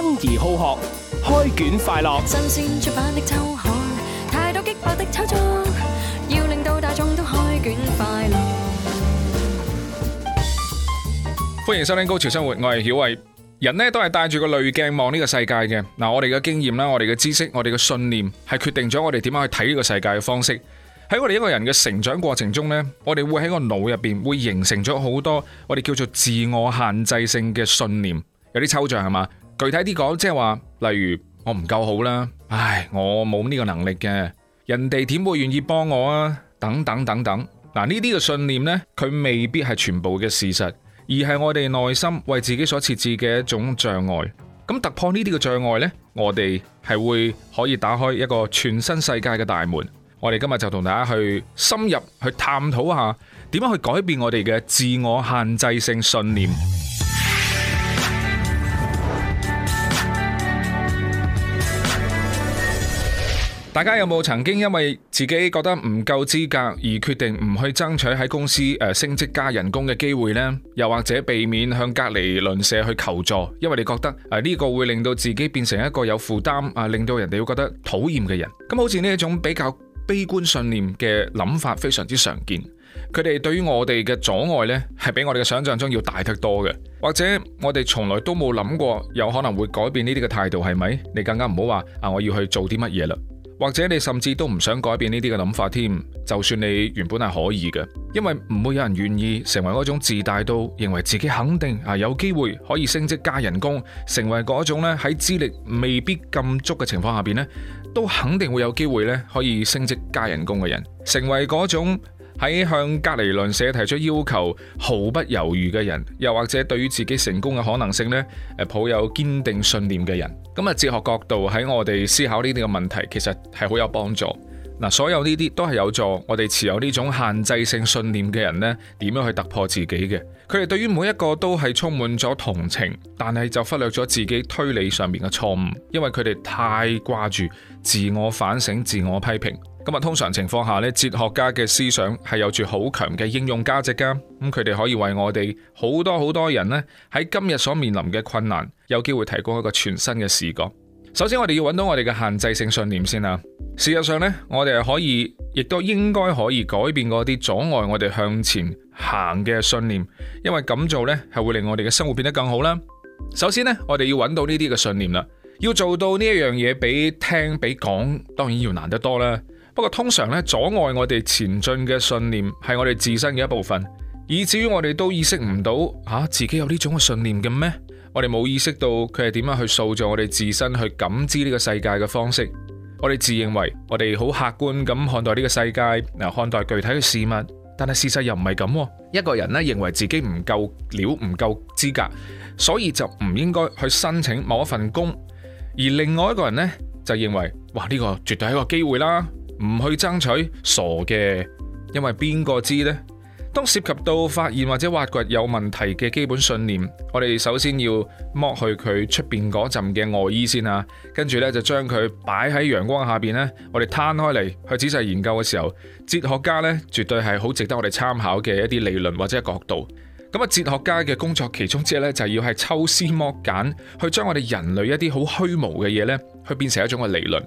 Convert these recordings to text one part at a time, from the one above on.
生而好學，開卷快樂。新鮮出版的週刊，太多激烈的炒作，要令到大眾都開卷快樂。歡迎收聽《高潮生活》，我係曉慧。人呢都係帶住個濾鏡望呢個世界嘅。嗱，我哋嘅經驗啦，我哋嘅知識，我哋嘅信念係決定咗我哋點樣去睇呢個世界嘅方式。喺我哋一個人嘅成長過程中呢，我哋會喺個腦入邊會形成咗好多我哋叫做自我限制性嘅信念，有啲抽象係嘛。具體啲講，即係話，例如我唔夠好啦，唉，我冇呢個能力嘅，人哋點會願意幫我啊？等等等等，嗱，呢啲嘅信念呢，佢未必係全部嘅事實，而係我哋內心為自己所設置嘅一種障礙。咁突破呢啲嘅障礙呢，我哋係會可以打開一個全新世界嘅大門。我哋今日就同大家去深入去探討一下，點樣去改變我哋嘅自我限制性信念。大家有冇曾經因為自己覺得唔夠資格而決定唔去爭取喺公司誒升職加人工嘅機會呢？又或者避免向隔籬鄰舍去求助，因為你覺得誒呢個會令到自己變成一個有負擔啊，令到人哋會覺得討厭嘅人。咁好似呢一種比較悲觀信念嘅諗法，非常之常見。佢哋對於我哋嘅阻礙呢，係比我哋嘅想象中要大得多嘅。或者我哋從來都冇諗過有可能會改變呢啲嘅態度，係咪？你更加唔好話啊！我要去做啲乜嘢啦。或者你甚至都唔想改變呢啲嘅諗法添，就算你原本係可以嘅，因為唔會有人願意成為嗰種自大到認為自己肯定啊有機會可以升職加人工，成為嗰種咧喺資歷未必咁足嘅情況下邊咧都肯定會有機會咧可以升職加人工嘅人，成為嗰種。喺向隔籬鄰舍提出要求，毫不猶豫嘅人，又或者對於自己成功嘅可能性呢，誒抱有堅定信念嘅人，咁啊哲學角度喺我哋思考呢啲嘅問題，其實係好有幫助。嗱，所有呢啲都係有助我哋持有呢種限制性信念嘅人呢，點樣去突破自己嘅？佢哋對於每一個都係充滿咗同情，但係就忽略咗自己推理上面嘅錯誤，因為佢哋太掛住自我反省、自我批評。咁啊，通常情況下咧，哲學家嘅思想係有住好強嘅應用價值噶。咁佢哋可以為我哋好多好多人咧，喺今日所面臨嘅困難，有機會提供一個全新嘅視角。首先，我哋要揾到我哋嘅限制性信念先啊。事實上咧，我哋可以，亦都應該可以改變嗰啲阻礙我哋向前行嘅信念，因為咁做咧係會令我哋嘅生活變得更好啦。首先咧，我哋要揾到呢啲嘅信念啦。要做到呢一樣嘢，比聽比講，當然要難得多啦。不過通常咧，阻礙我哋前進嘅信念係我哋自身嘅一部分，以至於我哋都意識唔到吓自己有呢種嘅信念嘅咩？我哋冇意識到佢係點樣去塑造我哋自身去感知呢個世界嘅方式。我哋自認為我哋好客觀咁看待呢個世界，啊看待具體嘅事物，但係事實又唔係咁。一個人咧認為自己唔夠料，唔夠資格，所以就唔應該去申請某一份工；而另外一個人呢，就認為哇，呢個絕對係一個機會啦。唔去爭取，傻嘅，因為邊個知呢？當涉及到發現或者挖掘有問題嘅基本信念，我哋首先要剝去佢出邊嗰陣嘅外衣先啊。跟住呢，就將佢擺喺陽光下邊呢，我哋攤開嚟，去仔細研究嘅時候，哲學家呢絕對係好值得我哋參考嘅一啲理論或者角度。咁啊，哲學家嘅工作其中之一呢，就係要係抽絲剝繭，去將我哋人類一啲好虛無嘅嘢呢，去變成一種嘅理論。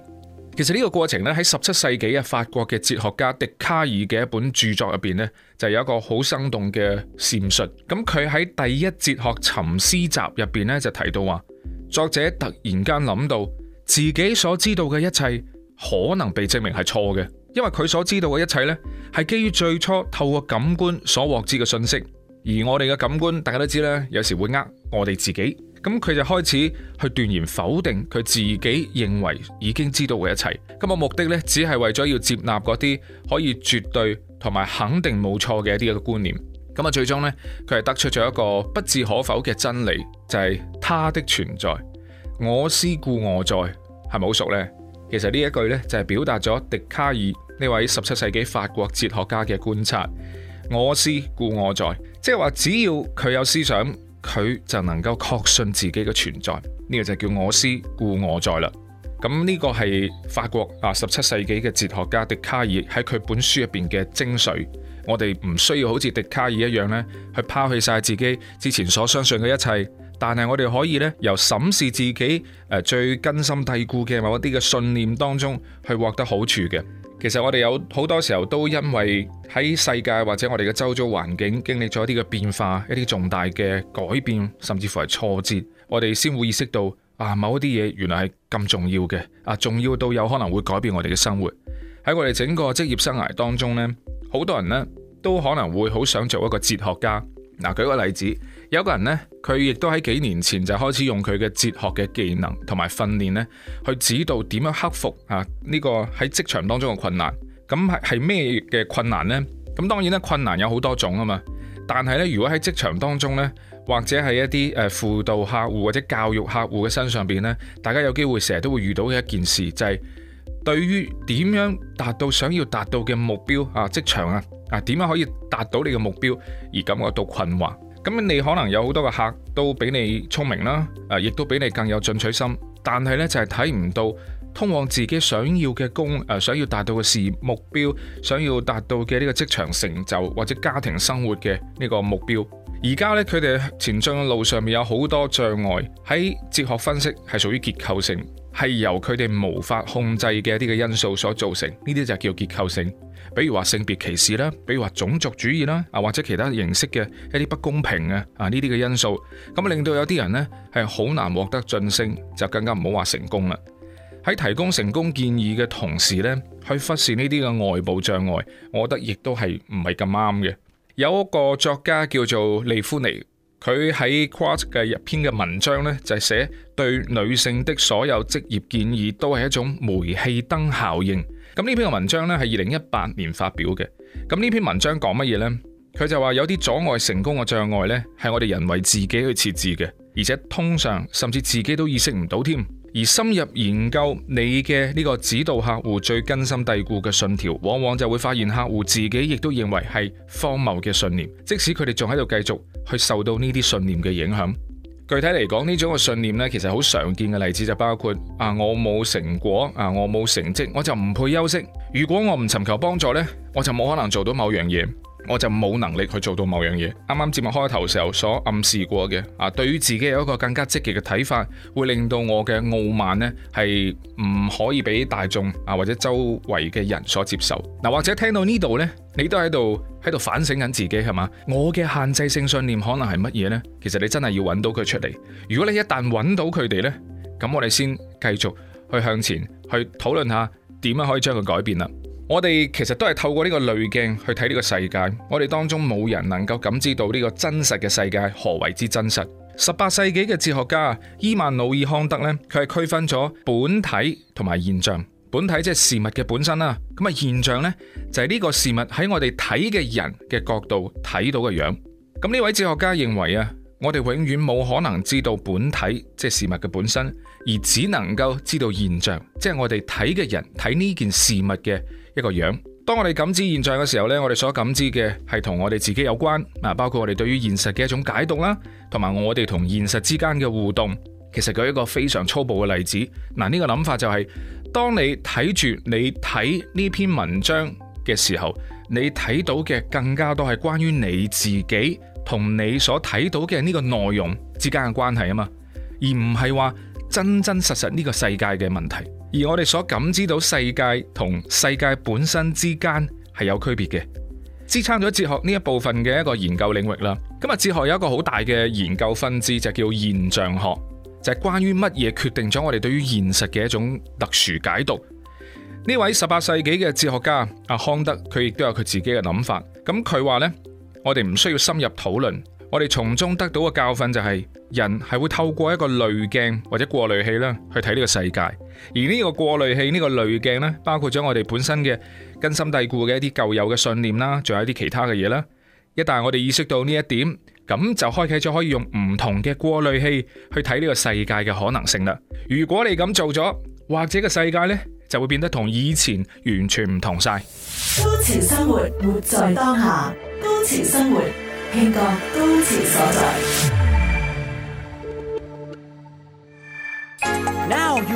其實呢個過程咧，喺十七世紀嘅法國嘅哲學家笛卡爾嘅一本著作入邊呢，就有一個好生動嘅闡述。咁佢喺《第一哲學沉思集》入邊呢，就提到話，作者突然間諗到自己所知道嘅一切可能被證明係錯嘅，因為佢所知道嘅一切呢，係基於最初透過感官所獲知嘅信息，而我哋嘅感官，大家都知啦，有時會呃我哋自己。咁佢就開始去斷言否定佢自己認為已經知道嘅一切，咁我目的咧，只係為咗要接納嗰啲可以絕對同埋肯定冇錯嘅一啲嘅觀念。咁啊，最終呢，佢係得出咗一個不置可否嘅真理，就係、是、他的存在，我思故我在，係咪好熟呢？其實呢一句呢，就係表達咗笛卡爾呢位十七世紀法國哲學家嘅觀察：我思故我在，即係話只要佢有思想。佢就能夠確信自己嘅存在，呢、這個就叫我思故我在啦。咁、這、呢個係法國啊十七世紀嘅哲學家笛卡爾喺佢本書入邊嘅精髓。我哋唔需要好似笛卡爾一樣咧，去拋棄晒自己之前所相信嘅一切，但係我哋可以咧，由審視自己誒最根深蒂固嘅某一啲嘅信念當中去獲得好處嘅。其實我哋有好多時候都因為喺世界或者我哋嘅周遭環境經歷咗一啲嘅變化，一啲重大嘅改變，甚至乎係挫折，我哋先會意識到啊，某一啲嘢原來係咁重要嘅，啊重要到有可能會改變我哋嘅生活。喺我哋整個職業生涯當中呢，好多人呢都可能會好想做一個哲學家。嗱，舉個例子，有一個人呢。佢亦都喺幾年前就開始用佢嘅哲學嘅技能同埋訓練咧，去指導點樣克服啊呢個喺職場當中嘅困難。咁係係咩嘅困難呢？咁當然咧，困難有好多種啊嘛。但係咧，如果喺職場當中呢，或者係一啲誒輔導客戶或者教育客戶嘅身上邊呢，大家有機會成日都會遇到嘅一件事，就係對於點樣達到想要達到嘅目標啊，職場啊，啊點樣可以達到你嘅目標而感覺到困惑。咁你可能有好多嘅客都比你聰明啦，啊，亦都比你更有進取心，但係呢，就係睇唔到通往自己想要嘅工誒、呃，想要達到嘅事業目標，想要達到嘅呢個職場成就或者家庭生活嘅呢個目標。而家呢，佢哋前進嘅路上面有好多障礙，喺哲學分析係屬於結構性，係由佢哋無法控制嘅一啲嘅因素所造成，呢啲就叫結構性。比如話性別歧視啦，比如話種族主義啦，啊或者其他形式嘅一啲不公平嘅，啊呢啲嘅因素，咁令到有啲人呢係好難獲得晉升，就更加唔好話成功啦。喺提供成功建議嘅同時呢，去忽視呢啲嘅外部障礙，我覺得亦都係唔係咁啱嘅。有一個作家叫做利夫尼，佢喺《Quartz》嘅一篇嘅文章呢，就係寫對女性的所有職業建議都係一種煤氣燈效應。咁呢篇嘅文章呢係二零一八年發表嘅。咁呢篇文章講乜嘢呢？佢就話有啲阻礙成功嘅障礙呢，係我哋人為自己去設置嘅，而且通常甚至自己都意識唔到添。而深入研究你嘅呢個指導客戶最根深蒂固嘅信條，往往就會發現客戶自己亦都認為係荒謬嘅信念，即使佢哋仲喺度繼續去受到呢啲信念嘅影響。具體嚟講，呢種嘅信念呢，其實好常見嘅例子就包括啊，我冇成果啊，我冇成績，我就唔配休息。如果我唔尋求幫助呢，我就冇可能做到某樣嘢。我就冇能力去做到某樣嘢。啱啱節目開頭時候所暗示過嘅，啊，對於自己有一個更加積極嘅睇法，會令到我嘅傲慢呢係唔可以俾大眾啊或者周圍嘅人所接受。嗱，或者聽到呢度呢，你都喺度喺度反省緊自己係嘛？我嘅限制性信念可能係乜嘢呢？其實你真係要揾到佢出嚟。如果你一旦揾到佢哋呢，咁我哋先繼續去向前去討論下點樣可以將佢改變啦。我哋其實都係透過呢個濾鏡去睇呢個世界，我哋當中冇人能夠感知到呢個真實嘅世界何為之真實。十八世紀嘅哲學家伊曼努爾康德呢，佢係區分咗本體同埋現象。本體即係事物嘅本身啦，咁啊現象呢，就係呢個事物喺我哋睇嘅人嘅角度睇到嘅樣。咁呢位哲學家認為啊，我哋永遠冇可能知道本體即係事物嘅本身，而只能夠知道現象，即係我哋睇嘅人睇呢件事物嘅。一個樣，當我哋感知現象嘅時候呢，我哋所感知嘅係同我哋自己有關，啊，包括我哋對於現實嘅一種解讀啦，同埋我哋同現實之間嘅互動。其實舉一個非常粗暴嘅例子，嗱，呢個諗法就係，當你睇住你睇呢篇文章嘅時候，你睇到嘅更加多係關於你自己同你所睇到嘅呢個內容之間嘅關係啊嘛，而唔係話真真實實呢個世界嘅問題。而我哋所感知到世界同世界本身之間係有區別嘅，支撐咗哲學呢一部分嘅一個研究領域啦。今日哲學有一個好大嘅研究分支就叫現象學，就係關於乜嘢決定咗我哋對於現實嘅一種特殊解讀。呢位十八世紀嘅哲學家阿康德，佢亦都有佢自己嘅諗法。咁佢話咧，我哋唔需要深入討論，我哋從中得到嘅教訓就係人係會透過一個濾鏡或者過濾器啦去睇呢個世界。而呢個過濾器呢、呢個濾鏡咧，包括咗我哋本身嘅根深蒂固嘅一啲舊有嘅信念啦，仲有啲其他嘅嘢啦。一旦我哋意識到呢一點，咁就開啟咗可以用唔同嘅過濾器去睇呢個世界嘅可能性啦。如果你咁做咗，或者個世界呢，就會變得同以前完全唔同晒。高潮生活，活在當下。高潮生活，慶個高潮所在。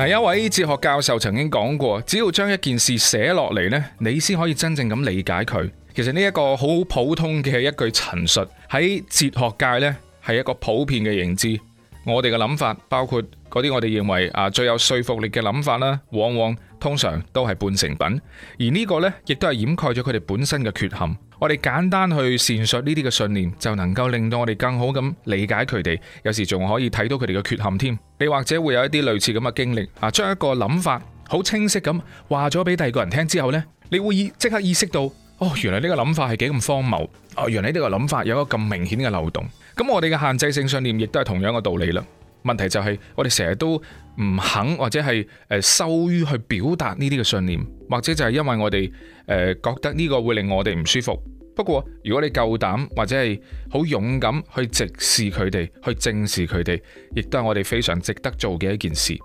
嗱，一位哲學教授曾經講過，只要將一件事寫落嚟，呢你先可以真正咁理解佢。其實呢一個好普通嘅一句陳述，喺哲學界呢係一個普遍嘅認知。我哋嘅諗法，包括嗰啲我哋認為啊最有說服力嘅諗法啦，往往，通常都係半成品，而呢個呢亦都係掩蓋咗佢哋本身嘅缺陷。我哋簡單去闡述呢啲嘅信念，就能夠令到我哋更好咁理解佢哋，有時仲可以睇到佢哋嘅缺陷添。你或者會有一啲類似咁嘅經歷啊，將一個諗法好清晰咁話咗俾第二個人聽之後呢，你會意即刻意識到哦，原來呢個諗法係幾咁荒謬哦，原來呢個諗法有一個咁明顯嘅漏洞。咁我哋嘅限制性信念亦都係同樣嘅道理啦。問題就係我哋成日都。唔肯或者係誒羞於去表達呢啲嘅信念，或者就係因為我哋誒覺得呢個會令我哋唔舒服。不過如果你夠膽或者係好勇敢去直視佢哋，去正視佢哋，亦都係我哋非常值得做嘅一件事。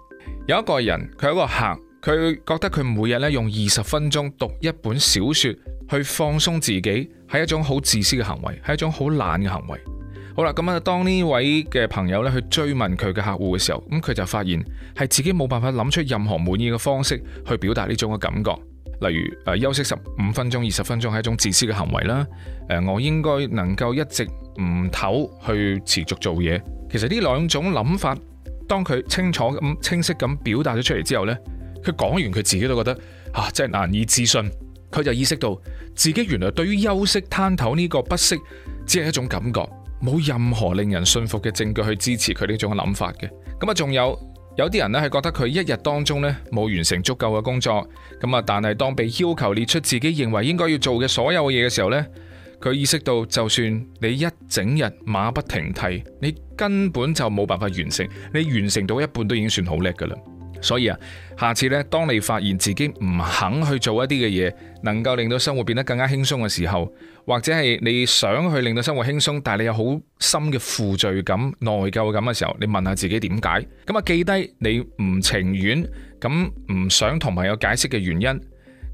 有一個人佢係一個客，佢覺得佢每日咧用二十分鐘讀一本小說去放鬆自己，係一種好自私嘅行為，係一種好懶嘅行為。好啦，咁啊，當呢位嘅朋友咧去追問佢嘅客戶嘅時候，咁佢就發現係自己冇辦法諗出任何滿意嘅方式去表達呢種嘅感覺，例如誒，休息十五分鐘、二十分鐘係一種自私嘅行為啦。誒，我應該能夠一直唔唞去持續做嘢。其實呢兩種諗法，當佢清楚咁清晰咁表達咗出嚟之後呢，佢講完佢自己都覺得啊，真係難以置信。佢就意識到自己原來對於休息攤唞呢個不適，只係一種感覺。冇任何令人信服嘅證據去支持佢呢種嘅諗法嘅，咁啊，仲有有啲人呢係覺得佢一日當中呢冇完成足夠嘅工作，咁啊，但係當被要求列出自己認為應該要做嘅所有嘢嘅時候呢，佢意識到就算你一整日馬不停蹄，你根本就冇辦法完成，你完成到一半都已經算好叻㗎喇。所以啊，下次咧，當你發現自己唔肯去做一啲嘅嘢，能夠令到生活變得更加輕鬆嘅時候，或者係你想去令到生活輕鬆，但係你有好深嘅負罪感、內疚感嘅時候，你問下自己點解？咁啊，記低你唔情願、咁唔想同朋友解釋嘅原因。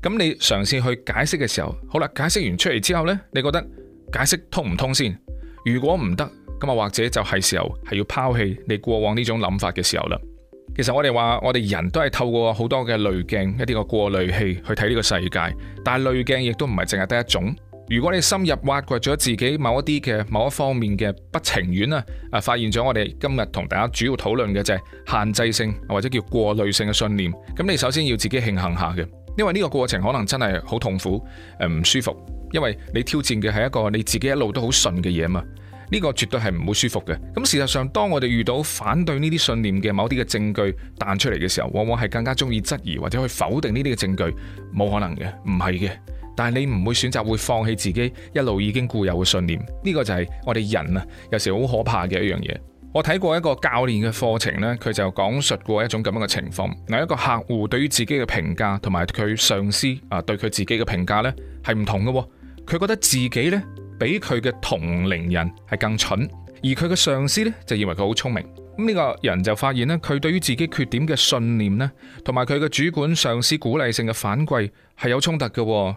咁你嘗試去解釋嘅時候，好啦，解釋完出嚟之後呢，你覺得解釋通唔通先？如果唔得，咁啊，或者就係時候係要拋棄你過往呢種諗法嘅時候啦。其實我哋話我哋人都係透過好多嘅濾鏡一啲個過濾器去睇呢個世界，但係濾鏡亦都唔係淨係得一種。如果你深入挖掘咗自己某一啲嘅某一方面嘅不情願啊，發現咗我哋今日同大家主要討論嘅就係限制性或者叫過濾性嘅信念，咁你首先要自己慶幸下嘅，因為呢個過程可能真係好痛苦，誒唔舒服，因為你挑戰嘅係一個你自己一路都好信嘅嘢嘛。呢個絕對係唔會舒服嘅。咁事實上，當我哋遇到反對呢啲信念嘅某啲嘅證據彈出嚟嘅時候，往往係更加中意質疑或者去否定呢啲嘅證據，冇可能嘅，唔係嘅。但係你唔會選擇會放棄自己一路已經固有嘅信念。呢個就係我哋人啊，有時好可怕嘅一樣嘢。我睇過一個教練嘅課程呢，佢就講述過一種咁樣嘅情況。嗱，一個客戶對於自己嘅評價同埋佢上司啊對佢自己嘅評價呢，係唔同嘅，佢覺得自己呢。比佢嘅同齡人係更蠢，而佢嘅上司呢，就認為佢好聰明。咁、這、呢個人就發現呢，佢對於自己缺點嘅信念呢，同埋佢嘅主管上司鼓勵性嘅反饋係有衝突嘅。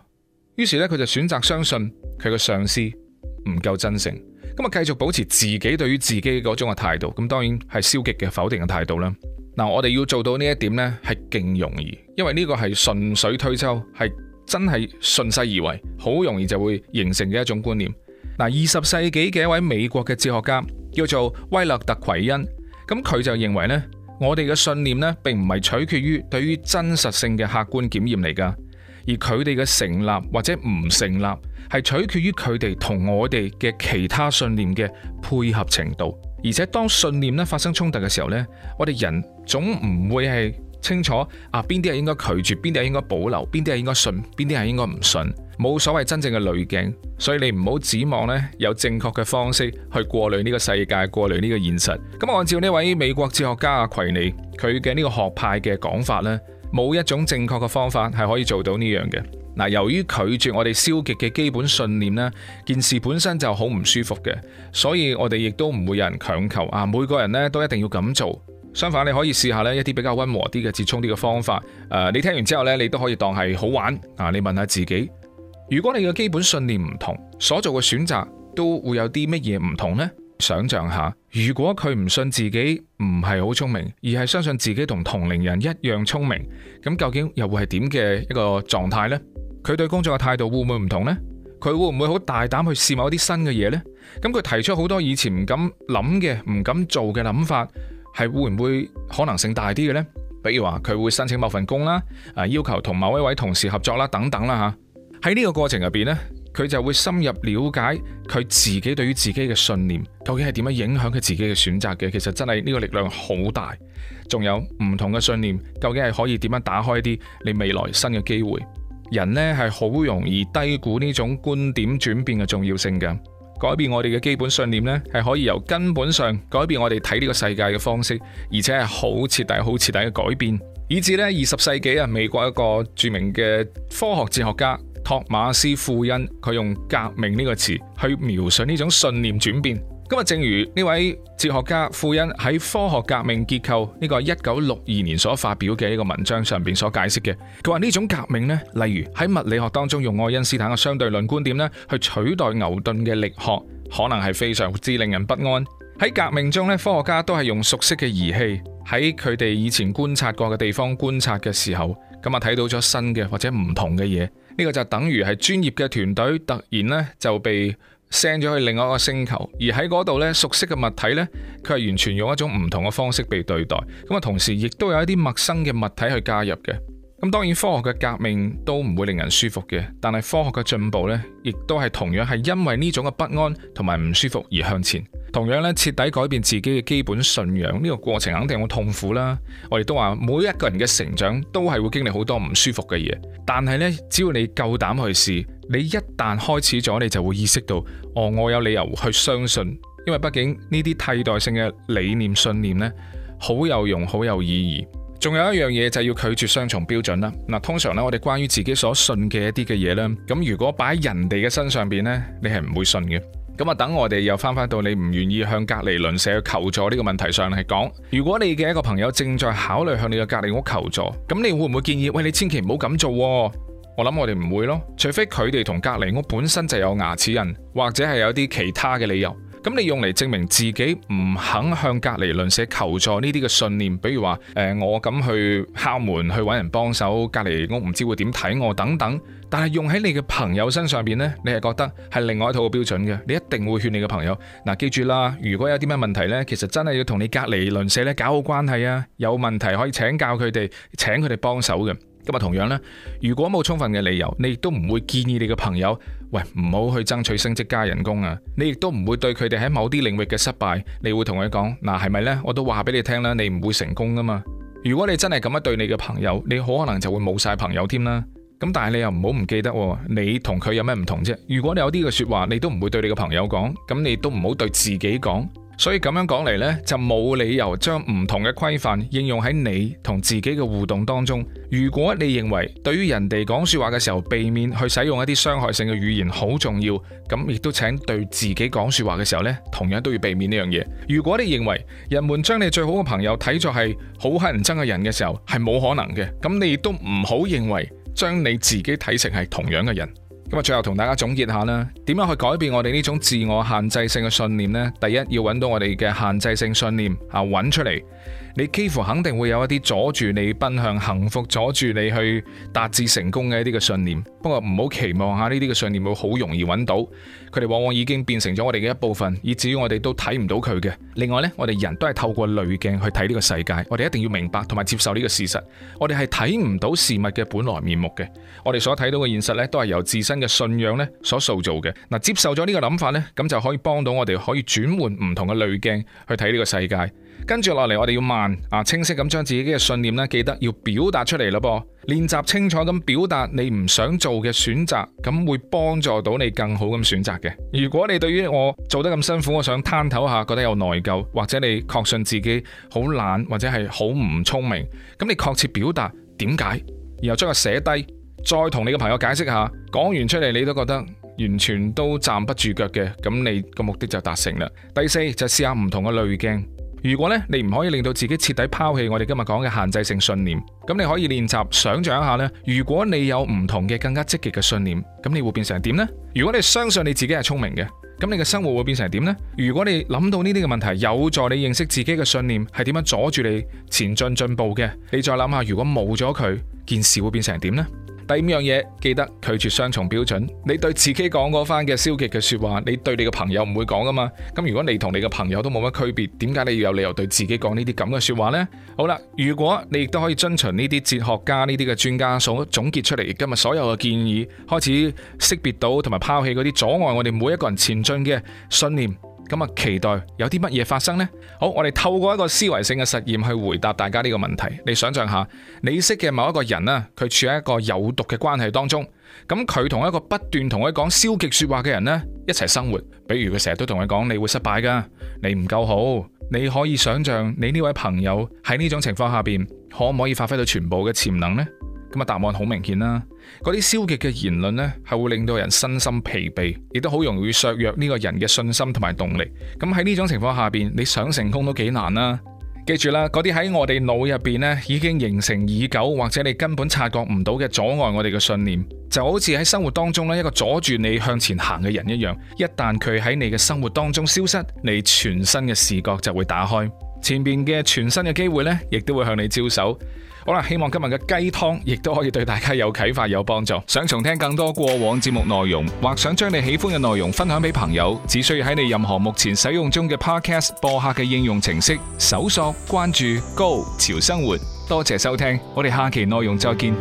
於是呢，佢就選擇相信佢嘅上司唔夠真誠，咁啊，繼續保持自己對於自己嗰種嘅態度。咁當然係消極嘅否定嘅態度啦。嗱，我哋要做到呢一點呢，係勁容易，因為呢個係順水推舟，係。真係順勢而為，好容易就會形成嘅一種觀念。嗱，二十世紀嘅一位美國嘅哲學家叫做威勒特奎因，咁佢就認為呢，我哋嘅信念呢並唔係取決於對於真實性嘅客觀檢驗嚟噶，而佢哋嘅成立或者唔成立，係取決於佢哋同我哋嘅其他信念嘅配合程度。而且當信念呢發生衝突嘅時候呢，我哋人總唔會係。清楚啊，邊啲係應該拒絕，邊啲係應該保留，邊啲係應該信，邊啲係應該唔信，冇所謂真正嘅濾鏡，所以你唔好指望呢有正確嘅方式去過濾呢個世界，過濾呢個現實。咁按照呢位美國哲學家阿奎尼佢嘅呢個學派嘅講法呢，冇一種正確嘅方法係可以做到呢樣嘅。嗱，由於拒絕我哋消極嘅基本信念呢，件事本身就好唔舒服嘅，所以我哋亦都唔會有人強求啊，每個人呢都一定要咁做。相反，你可以試下呢一啲比較溫和啲嘅折衷啲嘅方法。誒、uh,，你聽完之後呢，你都可以當係好玩。嗱、uh,，你問下自己，如果你嘅基本信念唔同，所做嘅選擇都會有啲乜嘢唔同呢？想象下，如果佢唔信自己唔係好聰明，而係相信自己同同齡人一樣聰明，咁究竟又會係點嘅一個狀態呢？佢對工作嘅態度會唔會唔同呢？佢會唔會好大膽去試某啲新嘅嘢呢？咁佢提出好多以前唔敢諗嘅、唔敢做嘅諗法。係會唔會可能性大啲嘅呢？比如話佢會申請某份工啦，啊要求同某一位同事合作啦，等等啦吓。喺呢個過程入邊呢，佢就會深入了解佢自己對於自己嘅信念，究竟係點樣影響佢自己嘅選擇嘅。其實真係呢個力量好大。仲有唔同嘅信念，究竟係可以點樣打開啲你未來新嘅機會？人呢，係好容易低估呢種觀點轉變嘅重要性嘅。改變我哋嘅基本信念呢，係可以由根本上改變我哋睇呢個世界嘅方式，而且係好徹底、好徹底嘅改變，以至二十世紀美國一個著名嘅科學哲學家托馬斯富恩，佢用革命呢個詞去描述呢種信念轉變。今日正如呢位哲學家富恩喺《科學革命結構》呢個一九六二年所發表嘅呢個文章上邊所解釋嘅，佢話呢種革命呢，例如喺物理學當中用愛因斯坦嘅相對論觀點呢去取代牛頓嘅力學，可能係非常之令人不安。喺革命中呢，科學家都係用熟悉嘅儀器喺佢哋以前觀察過嘅地方觀察嘅時候，咁啊睇到咗新嘅或者唔同嘅嘢，呢個就等於係專業嘅團隊突然呢就被。send 咗去另外一個星球，而喺嗰度呢，熟悉嘅物體呢，佢係完全用一種唔同嘅方式被對待，咁啊，同時亦都有一啲陌生嘅物體去加入嘅。咁當然，科學嘅革命都唔會令人舒服嘅，但係科學嘅進步呢，亦都係同樣係因為呢種嘅不安同埋唔舒服而向前。同樣咧，徹底改變自己嘅基本信仰呢個過程肯定好痛苦啦。我哋都話，每一個人嘅成長都係會經歷好多唔舒服嘅嘢，但係呢，只要你夠膽去試，你一旦開始咗，你就會意識到，哦，我有理由去相信，因為畢竟呢啲替代性嘅理念、信念呢，好有用，好有意義。仲有一樣嘢就係要拒絕雙重標準啦。嗱，通常咧，我哋關於自己所信嘅一啲嘅嘢咧，咁如果擺喺人哋嘅身上邊咧，你係唔會信嘅。咁啊，等我哋又翻翻到你唔願意向隔籬鄰舍去求助呢個問題上係講，如果你嘅一個朋友正在考慮向你嘅隔籬屋求助，咁你會唔會建議？喂，你千祈唔好咁做喎。我諗我哋唔會咯，除非佢哋同隔籬屋本身就有牙齒印，或者係有啲其他嘅理由。咁你用嚟證明自己唔肯向隔籬鄰舍求助呢啲嘅信念，比如話誒、呃、我咁去敲門去搵人幫手，隔籬屋唔知會點睇我等等。但係用喺你嘅朋友身上邊呢，你係覺得係另外一套嘅標準嘅。你一定會勸你嘅朋友嗱、啊，記住啦，如果有啲咩問題呢，其實真係要同你隔籬鄰舍呢搞好關係啊，有問題可以請教佢哋，請佢哋幫手嘅。今日同樣呢，如果冇充分嘅理由，你亦都唔會建議你嘅朋友。喂，唔好去爭取升職加人工啊！你亦都唔會對佢哋喺某啲領域嘅失敗，你會同佢講嗱，係咪呢？我都話俾你聽啦，你唔會成功噶嘛！如果你真係咁樣對你嘅朋友，你好可能就會冇晒朋友添啦。咁但係你又唔好唔記得，你同佢有咩唔同啫？如果你有啲嘅說話，你都唔會對你嘅朋友講，咁你都唔好對自己講。所以咁樣講嚟呢，就冇理由將唔同嘅規範應用喺你同自己嘅互動當中。如果你認為對於人哋講說話嘅時候，避免去使用一啲傷害性嘅語言好重要，咁亦都請對自己講說話嘅時候呢，同樣都要避免呢樣嘢。如果你認為人們將你最好嘅朋友睇作係好乞人憎嘅人嘅時候，係冇可能嘅，咁你亦都唔好認為將你自己睇成係同樣嘅人。咁啊，最後同大家總結下啦，點樣去改變我哋呢種自我限制性嘅信念咧？第一，要揾到我哋嘅限制性信念啊，揾出嚟。你幾乎肯定會有一啲阻住你奔向幸福、阻住你去達至成功嘅一啲嘅信念。不過唔好期望下呢啲嘅信念會好容易揾到。佢哋往往已經變成咗我哋嘅一部分，以至於我哋都睇唔到佢嘅。另外呢，我哋人都係透過濾鏡去睇呢個世界。我哋一定要明白同埋接受呢個事實，我哋係睇唔到事物嘅本來面目嘅。我哋所睇到嘅現實呢，都係由自身嘅信仰呢所塑造嘅。嗱，接受咗呢個諗法呢，咁就可以幫到我哋可以轉換唔同嘅濾鏡去睇呢個世界。跟住落嚟，我哋要慢啊，清晰咁將自己嘅信念呢，記得要表達出嚟咯。噃練習清楚咁表達你唔想做嘅選擇，咁會幫助到你更好咁選擇嘅。如果你對於我做得咁辛苦，我想攤頭下覺得有內疚，或者你確信自己好懶或者係好唔聰明，咁你確切表達點解，然後將佢寫低，再同你嘅朋友解釋下，講完出嚟你都覺得完全都站不住腳嘅，咁你個目的就達成啦。第四就試下唔同嘅濾鏡。如果咧你唔可以令到自己徹底拋棄我哋今日講嘅限制性信念，咁你可以練習想象一下呢，如果你有唔同嘅更加積極嘅信念，咁你會變成點呢？如果你相信你自己係聰明嘅，咁你嘅生活會變成點呢？如果你諗到呢啲嘅問題有助你認識自己嘅信念係點樣阻住你前進進步嘅，你再諗下如果冇咗佢，件事會變成點呢？第五樣嘢，記得拒絕雙重標準。你對自己講嗰番嘅消極嘅說話，你對你嘅朋友唔會講噶嘛？咁如果你同你嘅朋友都冇乜區別，點解你要有理由對自己講呢啲咁嘅說話呢？好啦，如果你亦都可以遵循呢啲哲學家呢啲嘅專家所總結出嚟今日所有嘅建議，開始識別到同埋拋棄嗰啲阻礙我哋每一個人前進嘅信念。咁啊，期待有啲乜嘢發生呢？好，我哋透過一個思維性嘅實驗去回答大家呢個問題。你想象下，你識嘅某一個人，佢處喺一個有毒嘅關係當中，咁佢同一個不斷同佢講消極說話嘅人呢，一齊生活，比如佢成日都同佢講你會失敗噶，你唔夠好，你可以想象你呢位朋友喺呢種情況下邊，可唔可以發揮到全部嘅潛能呢？咁啊，答案好明顯啦！嗰啲消極嘅言論呢，係會令到人身心疲憊，亦都好容易削弱呢個人嘅信心同埋動力。咁喺呢種情況下邊，你想成功都幾難啦。記住啦，嗰啲喺我哋腦入邊呢已經形成已久，或者你根本察覺唔到嘅阻礙，我哋嘅信念就好似喺生活當中呢一個阻住你向前行嘅人一樣。一旦佢喺你嘅生活當中消失，你全新嘅視覺就會打開，前面嘅全新嘅機會呢，亦都會向你招手。好啦，希望今日嘅雞湯亦都可以對大家有啟發、有幫助。想重聽更多過往節目內容，或想將你喜歡嘅內容分享俾朋友，只需要喺你任何目前使用中嘅 Podcast 播客嘅應用程式搜索、關注高潮生活。多謝收聽，我哋下期內容再見。